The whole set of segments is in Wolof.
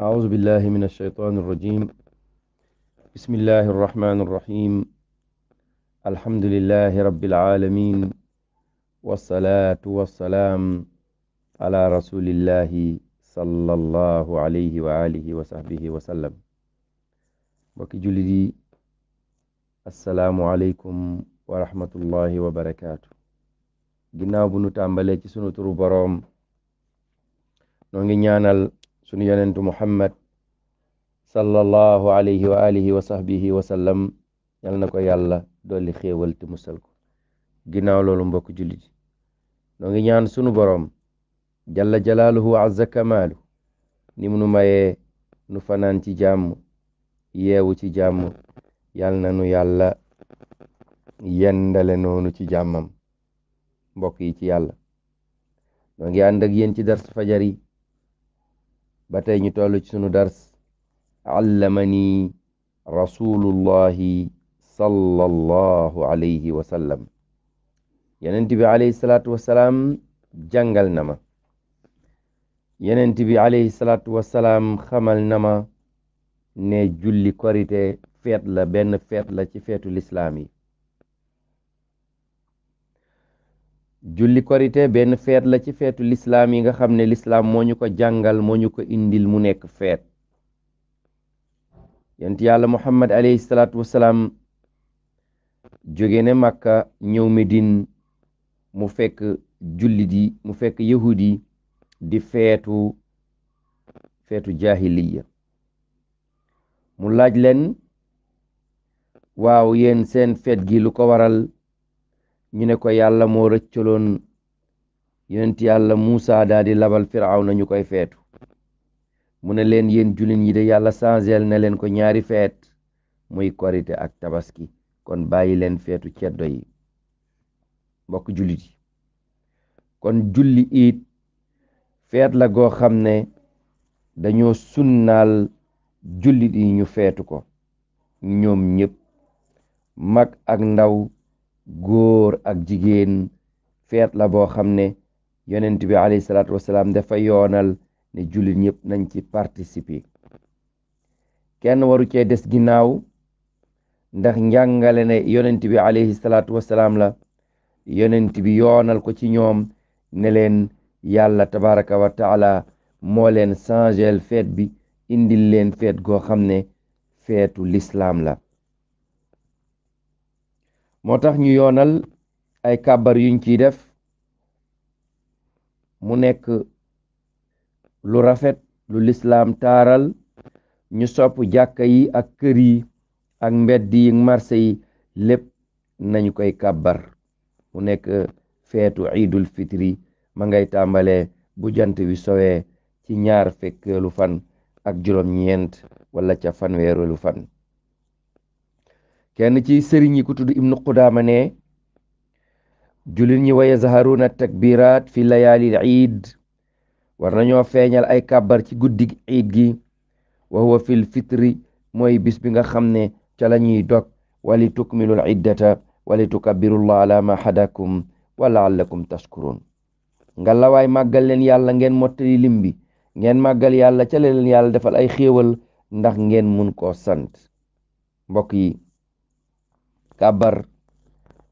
أعوذ بالله من الشيطان الرجيم بسم الله الرحمن الرحيم الحمد لله رب العالمين والصلاة والسلام على رسول الله صلى الله عليه وآله وصحبه وسلم mbokki jullit yi asalaamualeykum wa rahmatullahi wa barakaatu ginnaaw bu nu tàmbalee ci sunu turu boroom noo ngi ñaanal sunu yonentu muhammad sallallahu alayhi wa alihi wa sahbihi wa sallam yal na ko yàlla dolli xéewal te musal ginaaw loolu mbokk jullit yi ngi ñaan sunu boroom jalla jalaaluhu wa azza kamaalu ni mu nu mayee nu fanaan ci jàmm yeewu ci jàmm yal na nu yàlla yendale noonu ci jàmmam mbokk yi ci yàlla noo ngi ànd ak yéen ci darsu fajar yi ba tey ñu toll ci sunu dars allamani rasulullahi sallallahu alayhi wa sallam yenent bi alayhi salaatu wasalaam jàngal na ma yenent bi alayhi salaatu wasalaam xamal na ma ne julli korite feet la benn feet la ci feetu lislaam yi julli korite benn feet la ci feetu lislaam yi nga xam ne lislaam moo ñu ko jàngal moo ñu ko indil mu nekk feet yent yàlla muhammad alayhi salaatu wasalaam jóge ne màkka ñëw medine mu fekk jullit yi mu fekk yahud di feetu feetu jaahiliya mu laaj leen waaw yéen seen feet gi ko waral ñu ne ko yàlla moo rëccaloon yonent yàlla Muusa daal di labal Firawna ñu koy feetu mu ne leen yéen julin yi de yàlla changel na leen ko ñaari feet muy korite ak tabaski kon bàyyi leen feetu ceddo yi mbokk jullit yi kon julli iit feet la goo xam ne dañoo sunnaal jullit yi ñu feetu ko ñoom ñëpp mag ak ndaw góor ak jigéen feet la boo xam ne yonent bi alayhi salaatu wasalaam dafa yoonal ne jullit ñëpp nañ ci participer kenn waru cee des ginnaaw ndax njàngale ne yonent bi alayhi salaatu wasalaam la yonent bi yoonal ko ci ñoom ne leen yàlla tabaraka wa moo leen changel feet bi indil leen feet goo xam ne feetu lislaam la moo tax ñu yoonal ay kàbbar yuñ ciy def mu nekk lu rafet lu lislaam taaral ñu sopp jàkka yi ak kër yi ak mbedd yi marché yi lépp nañu koy kàbbar mu nekk feetu iidul fitri ma ngay tàmbalee bu jant wi soowee ci ñaar fekkeelu fan ak juróom ñeent wala ca fanweereelu fan kenn ci sëriñ yi ku tudd ibnu qudaama ne jullit ñi waye zaharuna takbiraat fi layaalil iid war nañoo feeñal ay kàbbar ci guddi iid gi wa huwa fil fitri mooy bis bi nga xam ne ca la ñuy dog wali tukmilul iddata wali tukabirullah ala ma hadakum wa laallakum tashkurun nga lawaay màggal leen yàlla ngeen mottali lim bi ngeen màggal yàlla ca leen yàlla defal ay xéewal ndax ngeen mun koo sant mbokk yi kàbbar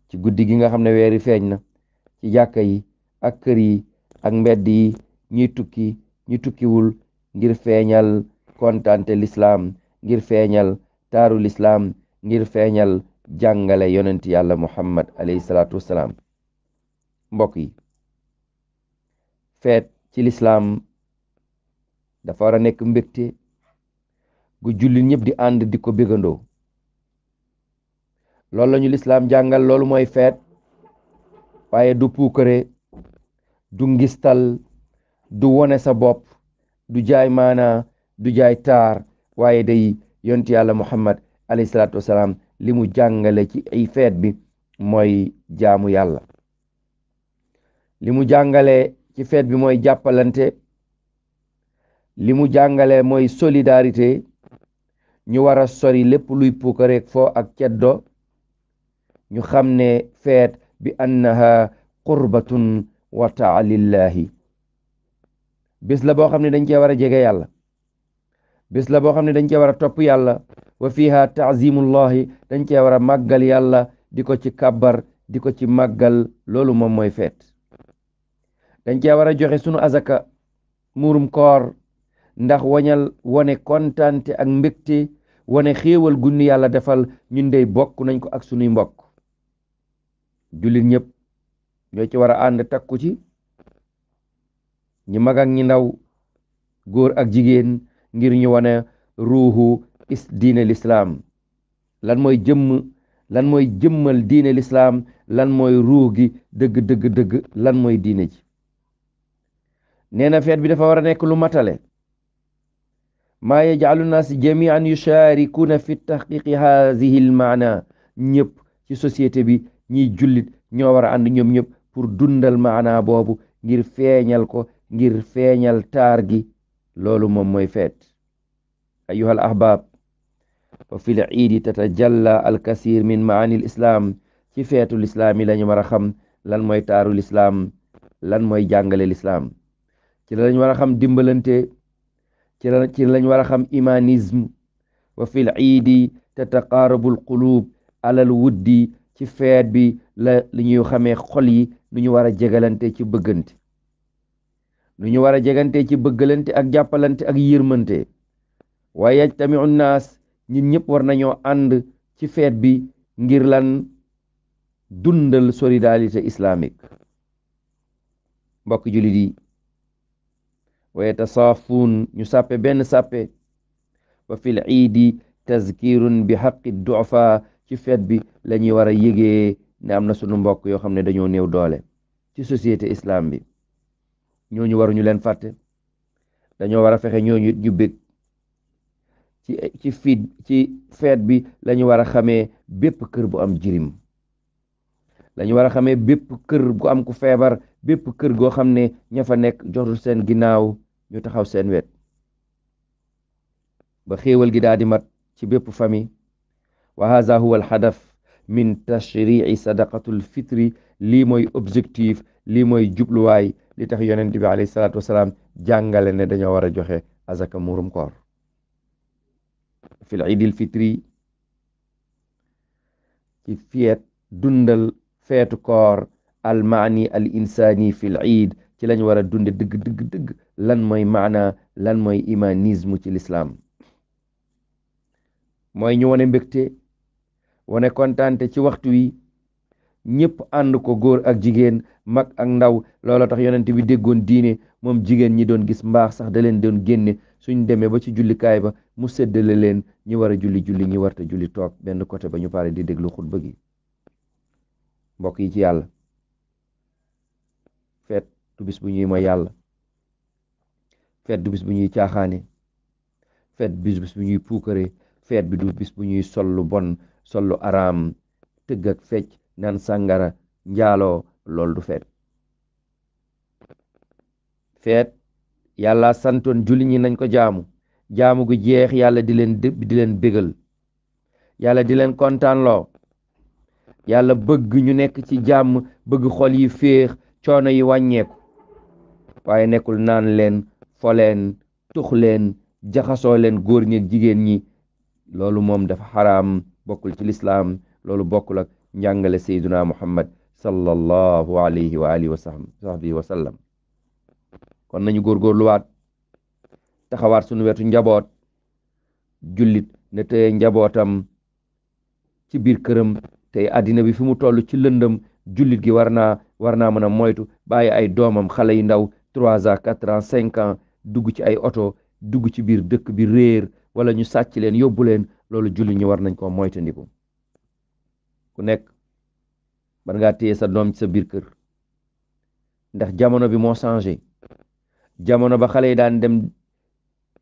ci guddi gi nga xam ne weeri feeñ na ci jàkka yi ak kër yi ak mbedd yi ñuy tukki ñu tukkiwul ngir feeñal kontante lislaam ngir feeñal taaru lislaam ngir feeñal jàngale yonent yàlla muhammad alayhi salaatu salaam mbokk yi feet ci lislaam dafa war a nekk mbégte gu jullit ñëpp di ànd di ko bégandoo loolu la ñu lislaam jàngal loolu mooy feet waaye du puukare du ngistal du wone sa bopp du jaay maana du jaay taar waaye day yonti yàlla muhammad alayhi salaatu wasalaam li mu jàngale ci ay feet bi mooy jaamu yàlla li jàngale ci feet bi mooy jàppalante li mu jàngale mooy solidarité ñu war a sori lépp luy puukareek foo ak ceddo ñu xam ne feet bi annaha qurbatun wataa lillahi bis la boo xam ne dañ cee war a jege yàlla bis la boo xam ne dañ cee war a topp yàlla wa fiha taazimullahi dañ cee war a màggal yàlla di ko ci kàbbar di ko ci màggal loolu moom mooy feet dañ cee war a joxe sunu azaka muurum koor ndax wañal wane kontaante ak mbégte wane xéewal gunni yàlla defal ñun dey bokk nañ ko ak sunuy mbokk jullit ñëpp ñoo ci war a ànd takku ci ñi mag ak ñi ndaw góor ak jigéen ngir ñu wane ruuxu is diine lislaam lan mooy jëmm lan mooy jëmmal diine lislaam lan mooy ruux gi dëgg dëgg dëgg lan mooy diine ji nee na feet bi dafa war a nekk lu matale maa yajcalu naasi jamian yushaarikuuna fi tahqiqi haadihi l maana ñëpp ci société bi ñiy jullit ñoo war a ànd ñoom ñëpp pour dundal maanaa boobu ngir feeñal ko ngir feeñal taar gi loolu moom mooy feet ayuha al ahbaab wa fi l tatajalla al min maani islaam ci feetu lislaam yi lañu war a xam lan mooy taaru lislaam lan mooy jàngale lislaam ci la lañ war a xam dimbalante ci la lañ war a xam imanisme wa fi l iidi tataqaarabu quluub alal wuddi ci feet bi la li ñuy xamee xol yi nu ñu war a jegalante ci bëggante nu ñu war a jegante ci bëggalante ak jàppalante ak yërmante waaye yajtamiu naas ñun ñëpp war nañoo ànd ci feet bi ngir lan dundal solidarité islamique mbokk jullit yi waaye benn sàppe wa bi xaqi duafa ci feet bi lañuy war a yëgee ne am na sunu mbokk yoo xam ne dañoo néew doole ci société islam bi ñooñu waruñu leen fàtte dañoo war a fexe ñooñu ñu bég ci ci fiit ci feet bi la war a xamee bépp kër bu am jirim la war a xamee bépp kër gu am ku feebar bépp kër goo xam ne ña fa nekk jotul seen ginnaaw ñu taxaw seen wet ba xéewal gi daal mat ci bépp famille wa haza huwa alxadaf min tashrici sadaqatul fitri lii mooy objectif lii mooy jubluwaay li tax yonent bi alayhi salaatu wasalaam jàngale ne dañoo war a joxe azaka muurum koor fil iidil fitri ci fiet dundal feetu koor almaani al insaani fil iid ci lañ war a dunde dëgg dëgg dëgg lan mooy maana lan mooy imanisme ci lislaam mooy ñu wone mbégte wane kontaante ci waxtu wi ñëpp ànd ko góor ak jigéen mag ak ndaw looloo tax yonent bi déggoon diine moom jigéen ñi doon gis mbaax sax da leen doon génne suñ demee ba ci jullikaay ba mu seddale leen ñi war a julli julli ñi warta julli toog benn côté ba ñu pare di déglu xutba gi mbokk yi ci yàlla feet du bis bu ñuy ma yàlla feet du bis bu ñuy caaxaane feet du bis bu ñuy puukaree feet bi du bis bu ñuy sollu bon sollu araam tëgg ak fecc naan sàngara njaaloo lool du feet feet yàlla santoon julli ñi nañ ko jaamu jaamu gu jeex yàlla di leen di leen bégal yàlla di leen kontaanloo yàlla bëgg ñu nekk ci jàmm bëgg xol yi féex coono yi wàññeeku waaye nekkul naan leen foleen tux leen jaxasoo leen góor ñi jigéen ñi loolu moom dafa xaraam bokkul ci lislaam loolu bokkul ak njàngale sayduna muhammad sallallahu alayhi wa alihi wa sahbihi wa sallam kon nañu góor góorgóorluwaat taxawaat suñu wetu njaboot jullit ne teye njabootam ci biir këram tey àddina bi fi mu toll ci lëndam jullit gi war naa war naa mën a moytu bàyyi ay doomam xale yu ndaw trois ans quatre ans cinq dugg ci ay oto dugg ci biir dëkk bi réer wala ñu sàcc leen yóbbu leen loolu julli ñu war nañ ko moytandiku ku nekk man ngaa téye sa doom sa biir kër ndax jamono bi moo changé jamono ba xale yi daan dem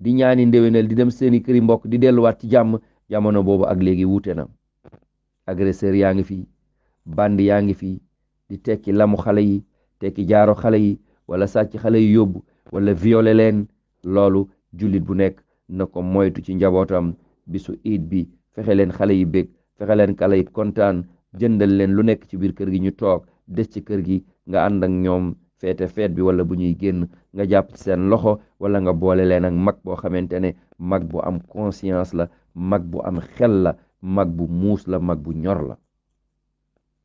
di ñaani ndéwénal di dem seeni këri mbokk di delluwaat ci jàmm jamono boobu ak léegi wuute na agresseur yaa ngi fi band yaa ngi fi di tekki lamu xale yi tekki jaaro xale yi wala sàcc xale yi yóbbu wala violé leen loolu jullit bu nekk na ko moytu ci njabootam bisu iit bi fexe leen xale yi bég fexe leen kala yi kontaan jëndal leen lu nekk ci biir kër gi ñu toog des ci kër gi nga ànd ak ñoom feete feet bi wala bu ñuy génn nga jàpp seen loxo wala nga boole leen ak mag boo xamante ne mag bu am conscience la mag bu am xel la mag bu muus la mag bu ñor la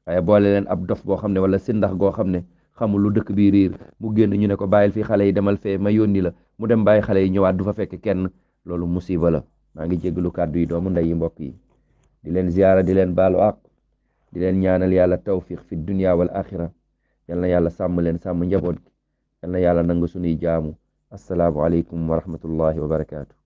waaye boole leen ab dof boo xam ne wala sindax goo xam ne xamul lu dëkk bii riir mu génn ñu ne ko bàyyil fii xale yi demal fee ma yónni la mu dem bàyyi xale yi ñëwaat du fa fekk kenn loolu musiba la maa ngi jéggalu kàddu yi doomu ndey yi mbokk yi di leen ziyaara di leen baal àq di leen ñaanal yàlla tawfiq fi dunya wal axira yal na yàlla sàmm leen sàmm njaboot gi yal na yàlla nangu sunuy jaamu asalaamualeykum wa rahmatullahi wa barakaatu.